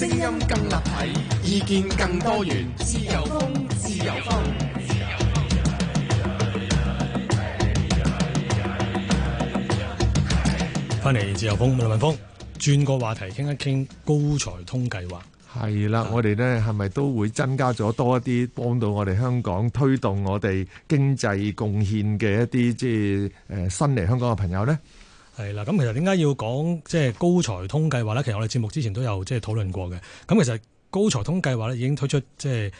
聲音更立體，意見更多元。自由風，自由風，自由風。翻嚟自由風，梁文風，轉個話題談談，傾一傾高才通計劃。係啦，我哋咧係咪都會增加咗多一啲，幫到我哋香港推動我哋經濟貢獻嘅一啲即係誒、呃、新嚟香港嘅朋友咧？係啦，咁其實點解要講即係高才通計劃咧？其實我哋節目之前都有即係討論過嘅。咁其實高才通計劃咧已經推出即係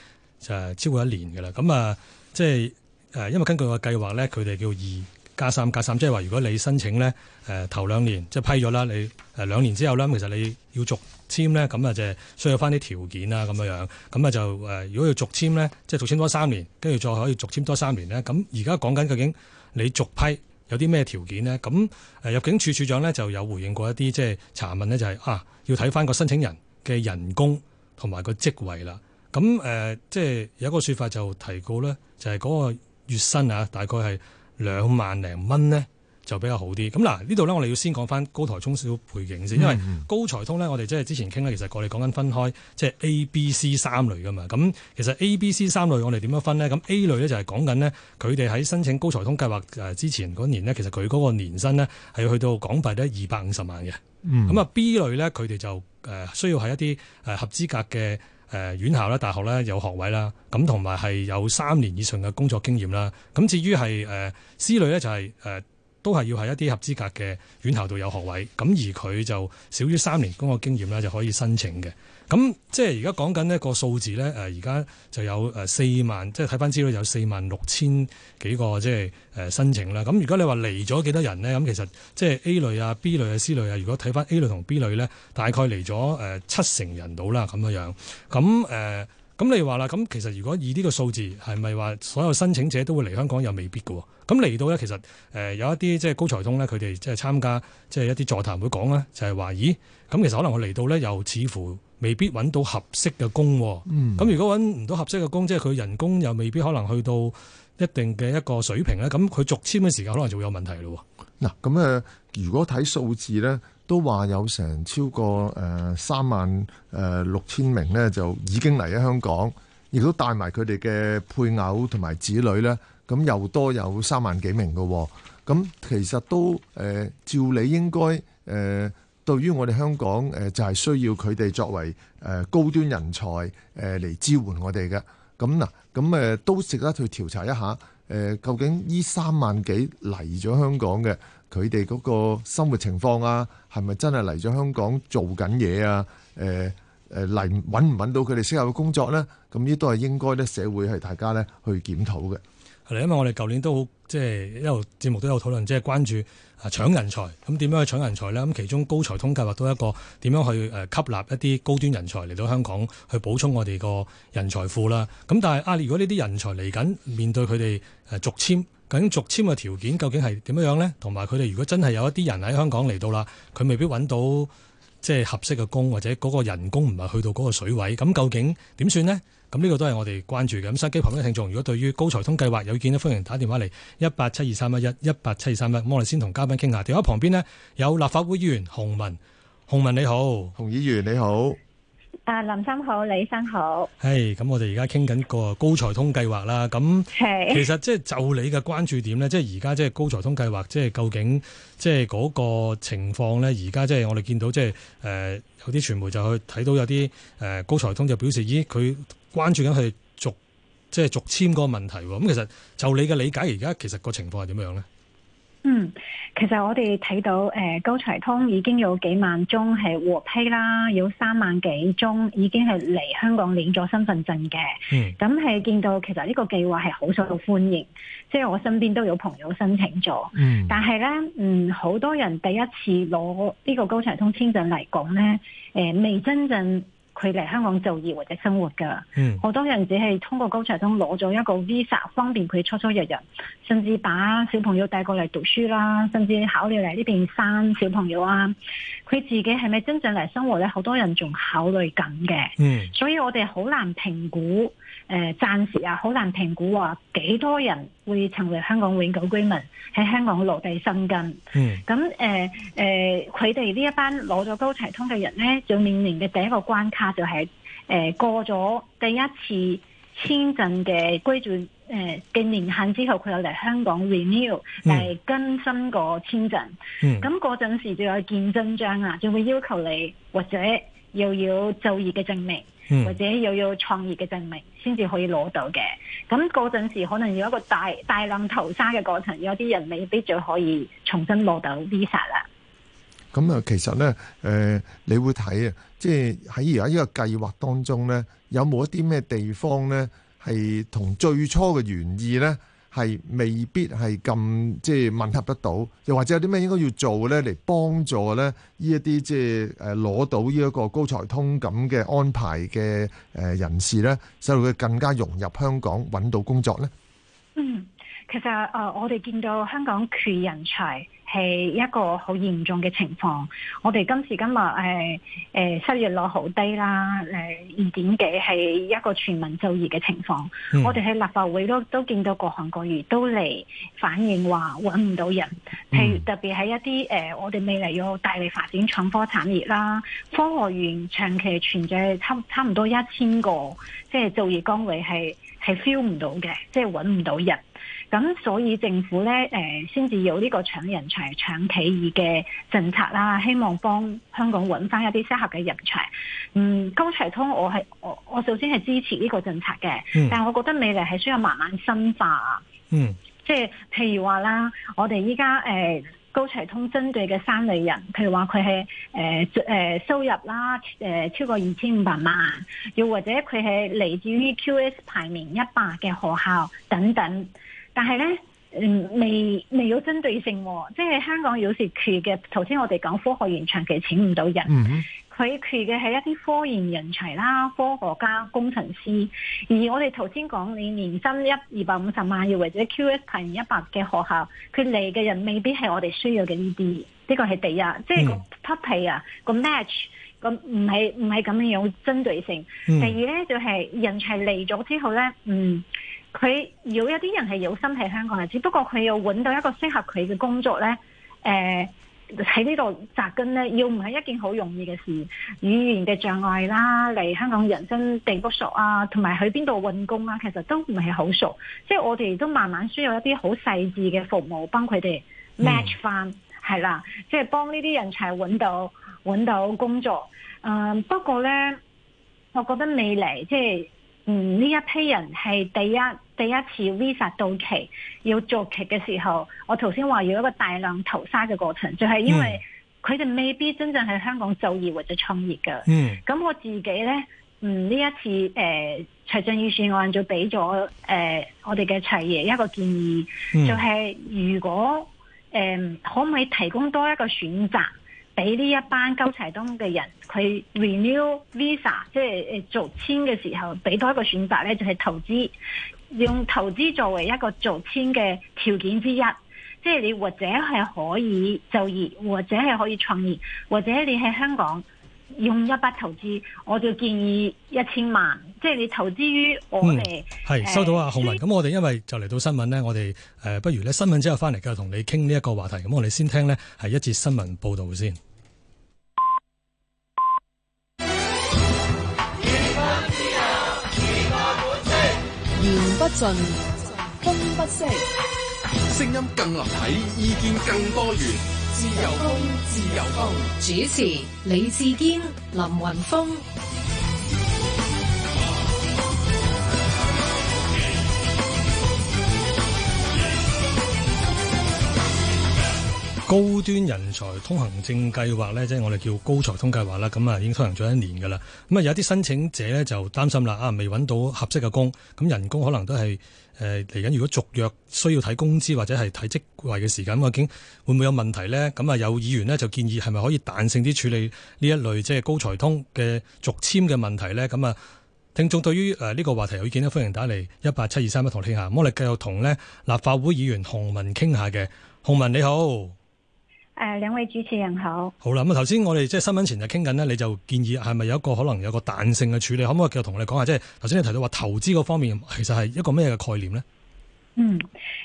就超過一年嘅啦。咁啊，即係誒，因為根據個計劃咧，佢哋叫二加三加三，即係話如果你申請咧誒頭兩年即係批咗啦，你誒兩年之後咧，其實你要續簽咧，咁啊就需要翻啲條件啊咁樣樣。咁啊就誒，如果要續簽咧，即係續簽多三年，跟住再可以續簽多三年咧。咁而家講緊究竟你續批？有啲咩條件呢？咁誒入境處處長呢就有回應過一啲即係查問呢就係、是、啊要睇翻個申請人嘅人工同埋個職位啦。咁誒即係有一個説法就提過呢就係、是、嗰個月薪啊，大概係兩萬零蚊呢，就比較好啲咁嗱，呢度呢，我哋要先講翻高才通少背景先、嗯嗯，因為高才通呢，我哋即係之前傾咧，其實我哋講緊分開即係 A、B、C 三類噶嘛。咁其實 A、B、C 三類我哋點樣分呢？咁 A 類呢，就係講緊呢，佢哋喺申請高才通計劃之前嗰年呢，其實佢嗰個年薪呢，係要去到港幣咧二百五十萬嘅。咁、嗯、啊 B 類呢，佢哋就需要係一啲合資格嘅院校啦、大學啦有學位啦，咁同埋係有三年以上嘅工作經驗啦。咁至於係 C 類呢、就是，就係都係要喺一啲合資格嘅院校度有學位，咁而佢就少於三年工作經驗咧，就可以申請嘅。咁即係而家講緊呢個數字咧，誒而家就有誒四萬，即係睇翻資料有四萬六千幾個，即係誒申請啦。咁如果你話嚟咗幾多人呢？咁其實即係 A 類啊、B 類啊、C 類啊，如果睇翻 A 類同 B 類咧，大概嚟咗誒七成人到啦咁樣樣，咁誒。咁你話啦，咁其實如果以呢個數字，係咪話所有申請者都會嚟香港又未必嘅？咁嚟到咧，其實有一啲即係高才通咧，佢哋即係參加即係一啲座談會講咧，就係話，咦？咁其實可能我嚟到咧，又似乎未必揾到合適嘅工喎。嗯。咁如果揾唔到合適嘅工，即係佢人工又未必可能去到一定嘅一個水平咧，咁佢續簽嘅時間可能就會有問題咯。嗱，咁誒，如果睇數字咧。都話有成超過誒、呃、三萬誒、呃、六千名咧，就已經嚟咗香港，亦都帶埋佢哋嘅配偶同埋子女咧。咁又多有三萬幾名嘅、哦，咁其實都誒、呃、照理應該誒對、呃、於我哋香港誒、呃、就係、是、需要佢哋作為誒、呃、高端人才誒嚟、呃、支援我哋嘅。咁嗱，咁誒、呃、都值得去調查一下誒、呃，究竟呢三萬幾嚟咗香港嘅，佢哋嗰個生活情況啊，係咪真係嚟咗香港做緊嘢啊？誒誒嚟揾唔揾到佢哋適合嘅工作咧？咁呢都係應該咧，社會係大家咧去檢討嘅。係嚟因為我哋舊年都好即係一路節目都有討論，即係關注啊搶人才，咁點樣去搶人才咧？咁其中高才通計劃都係一個點樣去誒吸納一啲高端人才嚟到香港去補充我哋個人才庫啦。咁但係啊，如果呢啲人才嚟緊，面對佢哋誒續簽。呃究竟續簽嘅條件究竟係點樣呢？同埋佢哋如果真係有一啲人喺香港嚟到啦，佢未必揾到即係合適嘅工，或者嗰個人工唔係去到嗰個水位，咁究竟點算呢？咁呢個都係我哋關注嘅。咁收機旁邊嘅聽眾，如果對於高才通計劃有意見，歡迎打電話嚟一八七二三一一八七二三一。咁我哋先同嘉賓傾下。電話旁邊呢，有立法會議員洪雯，洪雯你好，洪議員你好。啊，林生好，李生好。係，hey，咁我哋而家傾緊個高才通計劃啦。咁，其實即係就你嘅關注點咧，即係而家即係高才通計劃，即係究竟即係嗰個情況咧？而家即係我哋見到即係誒，有啲傳媒就去睇到有啲誒高才通就表示咦，佢關注緊佢續即係續簽個問題。咁其實就你嘅理解，而家其實個情況係點樣咧？嗯，其實我哋睇到誒、呃、高才通已經有幾萬宗係獲批啦，有三萬幾宗已經係嚟香港領咗身份證嘅。嗯，咁係見到其實呢個計劃係好受到歡迎，即係我身邊都有朋友申請咗、mm.。嗯，但係咧，嗯，好多人第一次攞呢個高才通簽證嚟講咧，誒、呃，未真正。佢嚟香港就業或者生活噶，好多人只係通過高才通攞咗一個 visa，方便佢初初入入，甚至把小朋友帶過嚟讀書啦，甚至考慮嚟呢邊生小朋友啊。佢自己係咪真正嚟生活咧？好多人仲考慮緊嘅，所以我哋好難評估。誒、呃、暫時啊，好難評估話，啊、幾多人會成為香港永久居民喺香港落地生根。嗯，咁誒誒，佢哋呢一班攞咗高才通嘅人咧，就面臨嘅第一個關卡就係，是、誒、呃、過咗第一次簽證嘅居住誒嘅，呃、年限之後，佢又嚟香港 renew 嚟，呃、更新個簽證。嗯，咁嗰陣時就有見真章啦，啊，就會要求你或者又要有就業嘅證明。或者又要創業嘅證明先至可以攞到嘅，咁嗰陣時可能要一個大大浪淘沙嘅過程，有啲人未必就可以重新攞到 Visa 啦。咁、嗯、啊，其實咧，誒、呃，你會睇啊，即係喺而家呢個計劃當中咧，有冇一啲咩地方咧係同最初嘅原意咧，係未必係咁即係吻合得到，又或者有啲咩應該要做咧，嚟幫助咧呢一啲即係誒攞到呢一個高才通咁嘅安排嘅誒人士咧，使到佢更加融入香港揾到工作咧。嗯。其實誒、呃，我哋見到香港缺人才係一個好嚴重嘅情況。我哋今時今日誒、呃呃、失業率好低啦，誒、呃、二點幾係一個全民就業嘅情況。Mm. 我哋喺立法會都都見到各行各業都嚟反映話揾唔到人。譬如特別係一啲誒、呃，我哋未來要大力發展創科產業啦，科學園長期存在差差唔多一千個即係就業崗位係係 fill 唔到嘅，即係揾唔到人。咁所以政府咧，誒、呃，先至有呢個搶人才、搶企業嘅政策啦，希望幫香港揾翻一啲適合嘅人才。嗯，高才通我係我我首先係支持呢個政策嘅、嗯，但係我覺得未來係需要慢慢深化，嗯，即係譬如話啦，我哋依家誒高才通針對嘅三類人，譬如話佢係誒誒收入啦誒、呃、超過二千五百萬，又或者佢係嚟自於 QS 排名一百嘅學校等等。但係咧、嗯，未未有針對性、哦，即係香港有時缺嘅。頭先我哋講科學園長期請唔到人，佢、嗯、缺嘅係一啲科研人才啦、科學家、工程師。而我哋頭先講你年薪一二百五十萬，要或者 QS 排名一百嘅學校，佢嚟嘅人未必係我哋需要嘅呢啲。呢個係第一，嗯、即係個匹配啊，個 match 唔係唔係咁樣有針對性。嗯、第二咧就係人才嚟咗之後咧，嗯。佢有一啲人係有心喺香港嘅，只不過佢要揾到一個適合佢嘅工作呢，誒喺呢度扎根呢，要唔係一件好容易嘅事。語言嘅障礙啦，嚟香港人生地不熟啊，同埋去邊度揾工啊，其實都唔係好熟。即係我哋都慢慢需要一啲好細緻嘅服務幫佢哋 match 翻，嗯，係啦，即係幫呢啲人才揾到揾到工作。嗯，不過呢，我覺得未來即係。就是嗯，呢一批人係第一第一次 Visa 到期要續期嘅時候，我頭先話要一個大量投沙嘅過程，就係、是、因為佢哋未必真正喺香港就業或者創業噶。嗯，咁我自己呢，嗯呢一次誒財政預算案就俾咗、呃、我哋嘅財爺一個建議，嗯、就係、是、如果、呃、可唔可以提供多一個選擇？俾呢一班高才通嘅人，佢 renew visa，即係續簽嘅時候，俾多一個選擇咧，就係、是、投資，用投資作為一個續簽嘅條件之一。即係你或者係可以就業，或者係可以創業，或者你喺香港用一筆投資，我就建議一千萬。即係你投資於我哋係、嗯、收到啊，洪、呃、雯。咁我哋因為就嚟到新聞咧，我哋誒，不如咧新聞之後翻嚟繼續同你傾呢一個話題。咁我哋先聽咧係一節新聞報道先。言不盡，風不息，聲音更立體，意見更多元，自由風，自由風。主持：李志堅、林雲峰。高端人才通行證計劃呢，即係我哋叫高才通計劃啦。咁啊，已經推行咗一年㗎啦。咁啊，有啲申請者呢，就擔心啦，啊，未揾到合適嘅工，咁人工可能都係誒嚟緊。如果續約需要睇工資或者係睇職位嘅時間，究竟會唔會有問題呢？咁啊，有議員呢，就建議係咪可以彈性啲處理呢一類即係高才通嘅續簽嘅問題呢。咁啊，聽眾對於誒呢個話題有意見，歡迎打嚟一八七二三一同我傾下。咁我哋繼續同呢立法會議員洪雯傾下嘅。洪雯你好。誒，兩位主持人好。好啦，咁頭先我哋即係新聞前就傾緊咧，你就建議係咪有一個可能有個彈性嘅處理，可唔可以繼續同我哋講下？即係頭先你提到話投資嗰方面，其實係一個咩嘅概念咧？嗯，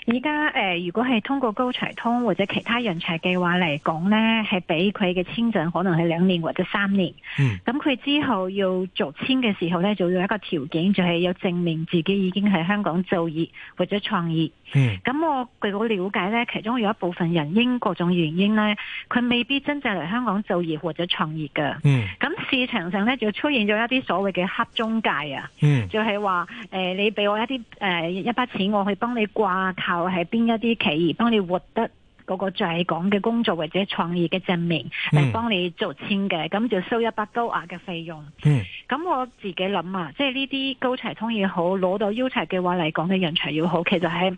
而家誒，如果係通過高才通或者其他人才計劃嚟講咧，係俾佢嘅簽證可能係兩年或者三年。嗯，咁佢之後要續簽嘅時候咧，就要一個條件，就係要證明自己已經喺香港就業或者創業。嗯，咁我據我了解咧，其中有一部分人因各種原因咧，佢未必真正嚟香港就業或者創業嘅。嗯，咁市場上咧就出現咗一啲所謂嘅黑中介啊。嗯，就係話誒，你俾我一啲誒、呃、一筆錢，我去幫你。掛靠喺邊一啲企業幫你獲得嗰個在港嘅工作或者創業嘅證明嚟幫你續簽嘅，咁就收一百高額嘅費用。咁、嗯、我自己諗啊，即係呢啲高才通要好，攞到 U 才嘅話嚟講嘅人才要好，其實係。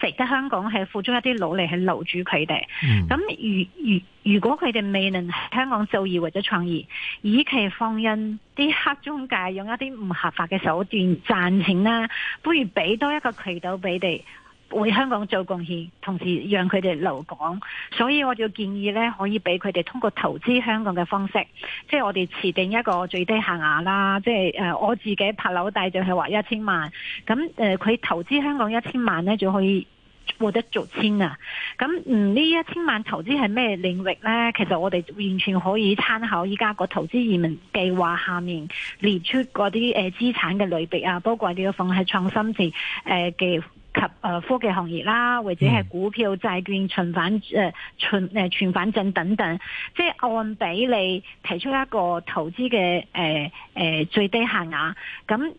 值得香港係付出一啲努力去留住佢哋。咁、嗯、如如如果佢哋未能喺香港就業或者創業，與其放任啲黑中介用一啲唔合法嘅手段賺錢啦，不如俾多一個渠道俾佢哋。為香港做貢獻，同時讓佢哋留港，所以我就建議呢，可以俾佢哋通過投資香港嘅方式，即係我哋設定一個最低限額啦。即係誒，我自己拍樓貸就係話一千萬，咁誒佢投資香港一千萬呢，就可以獲得續簽啊。咁呢一千萬投資係咩領域呢？其實我哋完全可以參考依家個投資移民計劃下面列出嗰啲誒資產嘅類別啊，包括你要放喺創新性誒嘅。及科技行業啦，或者係股票、債券、存返誒存誒存返證等等，即係按比例提出一個投資嘅誒最低限額，咁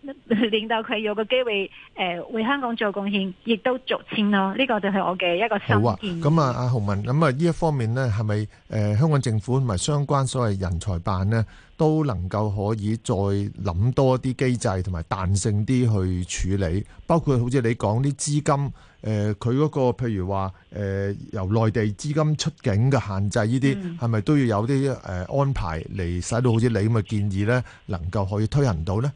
令到佢有個機會誒為香港做貢獻，亦都續簽咯。呢、這個就係我嘅一個建議。好啊，咁啊，阿洪、啊、雯，咁啊，呢一方面呢，係咪誒香港政府同埋相關所謂人才辦呢？都能夠可以再諗多啲機制同埋彈性啲去處理，包括好似你講啲資金，誒佢嗰個譬如話誒、呃、由內地資金出境嘅限制呢啲，係、嗯、咪都要有啲誒安排嚟使到好似你咁嘅建議咧，能夠可以推行到咧？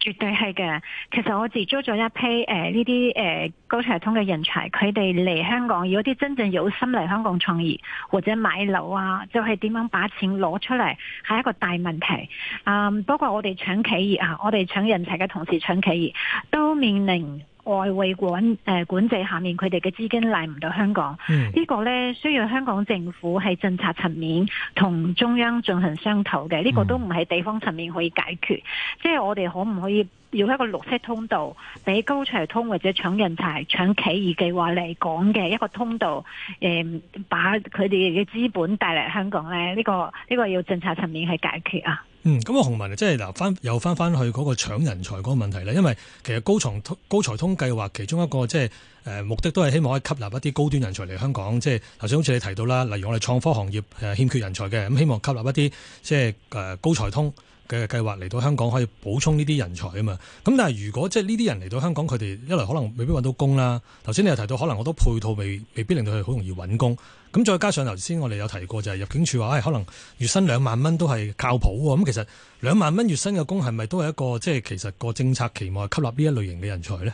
絕對係嘅，其實我自租咗一批誒呢啲誒高才通嘅人才，佢哋嚟香港，如果啲真正有心嚟香港創業或者買樓啊，就係、是、點樣把錢攞出嚟係一個大問題。啊、嗯，不過我哋搶企業啊，我哋搶人才嘅同時搶企業，都面臨。外匯管，誒、呃、管制下面，佢哋嘅資金嚟唔到香港，嗯呢個、呢個需要香港政府喺政策層面同中央進行商討嘅，呢、呢個都唔係地方層面可以解決。嗯、即係我哋可唔可以要一個綠色通道，俾高才通或者搶人才、搶企業計劃嚟講嘅一個通道？誒、呃，把佢哋嘅資本帶嚟香港呢、呢個呢、呢個要政策層面去解決啊。嗯，咁啊，洪雯即係嗱，翻又翻翻去嗰個搶人才嗰個問題咧，因為其實高才高才通計劃其中一個即係誒目的都係希望可以吸納一啲高端人才嚟香港，即係頭先好似你提到啦，例如我哋創科行業係欠缺人才嘅，咁希望吸納一啲即係誒高才通。嘅計劃嚟到香港可以補充呢啲人才啊嘛，咁但係如果即係呢啲人嚟到香港，佢哋一嚟可能未必揾到工啦。頭先你又提到可能好多配套未未必令到佢好容易揾工，咁再加上頭先我哋有提過就係入境處話，哎，可能月薪兩萬蚊都係靠譜喎。咁其實兩萬蚊月薪嘅工係咪都係一個即係其實個政策期望係吸納呢一類型嘅人才呢？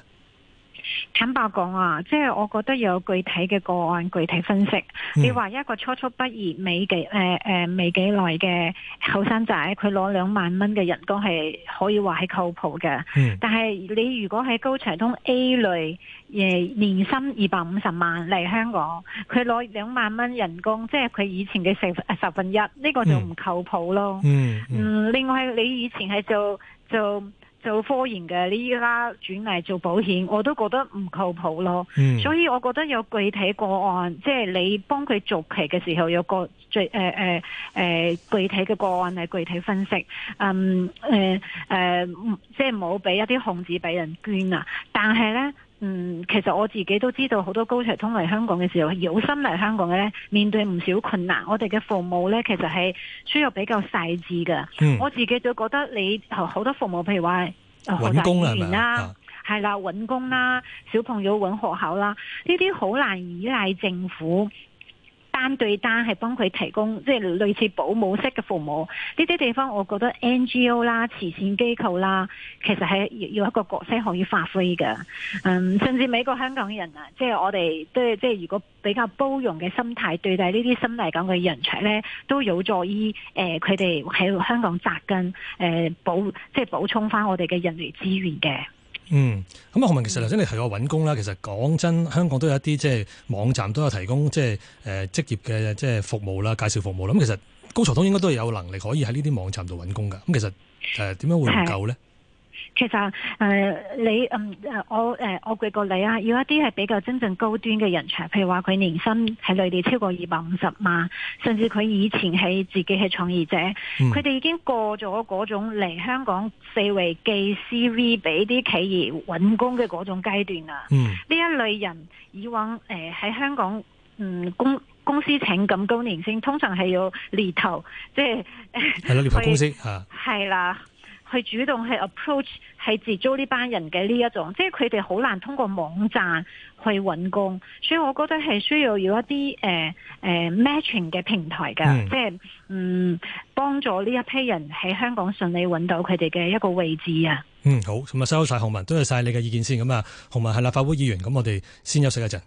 坦白講啊，即係我覺得有具體嘅個案具體分析。嗯、你話一個初初畢業、未幾誒誒、未、呃、幾耐嘅後生仔，佢攞兩萬蚊嘅人工係可以話係靠譜嘅。但係你如果喺高才通 A 類，誒年薪二百五十萬嚟香港，佢攞兩萬蚊人工，即係佢以前嘅十十分一，呢、這個就唔靠譜咯。嗯嗯，嗯，嗯，另外你以前係做做。做做科研嘅，依家轉嚟做保險，我都覺得唔靠譜咯、嗯。所以我覺得有具體個案，即、就、係、是、你幫佢續期嘅時候，有個最誒誒誒具體嘅個案係具體分析。嗯，誒、呃、誒、呃，即係唔好俾一啲空子俾人捐啊！但係呢嗯，其實我自己都知道好多高才通嚟香港嘅時候，有心嚟香港嘅咧，面對唔少困難。我哋嘅服務咧，其實係需要比較細緻嘅、嗯。我自己都覺得你好多服務，譬如話揾工啦，係啦，揾工啦、啊，小朋友揾學校啦，呢啲好難依賴政府。單對單係幫佢提供，即係類似保姆式嘅服務。呢啲地方，我覺得 NGO 啦、慈善機構啦，其實係要一個角色可以發揮嘅。嗯，甚至每個香港人啊，即係我哋都係即係如果比較包容嘅心態對待呢啲新嚟講嘅人才呢，都有助於誒佢哋喺香港扎根，誒補即係補充翻我哋嘅人力資源嘅。嗯，咁啊，洪雯，其實頭先你提過揾工啦。其實講真，香港都有一啲即係網站都有提供即係誒、呃、職業嘅即係服務啦，介紹服務。咁、嗯、其實高才通應該都係有能力可以喺呢啲網站度揾工㗎。咁、嗯、其實點點、呃、樣會唔夠咧？其實誒、呃、你嗯我誒、呃、我舉個例啊，有一啲係比較真正高端嘅人才，譬如話佢年薪喺內地超過二百五十萬，甚至佢以前係自己係創業者，佢、嗯、哋已經過咗嗰種嚟香港四圍寄 CV 俾啲企業揾工嘅嗰種階段啦。嗯，呢一類人以往誒喺、呃、香港嗯公公司請咁高年薪，通常係要獵頭，即係係咯，呃、獵頭公司嚇，啦。啊是去主動 approach，去 approach 係接觸呢班人嘅呢一種，即係佢哋好難通過網站去揾工，所以我覺得係需要有一啲誒誒 matching 嘅平台㗎，嗯、即係嗯幫助呢一批人喺香港順利揾到佢哋嘅一個位置啊。嗯，好，咁啊收晒。洪雯，多謝晒你嘅意見先。咁啊，洪雯係立法會議員，咁我哋先休息一陣。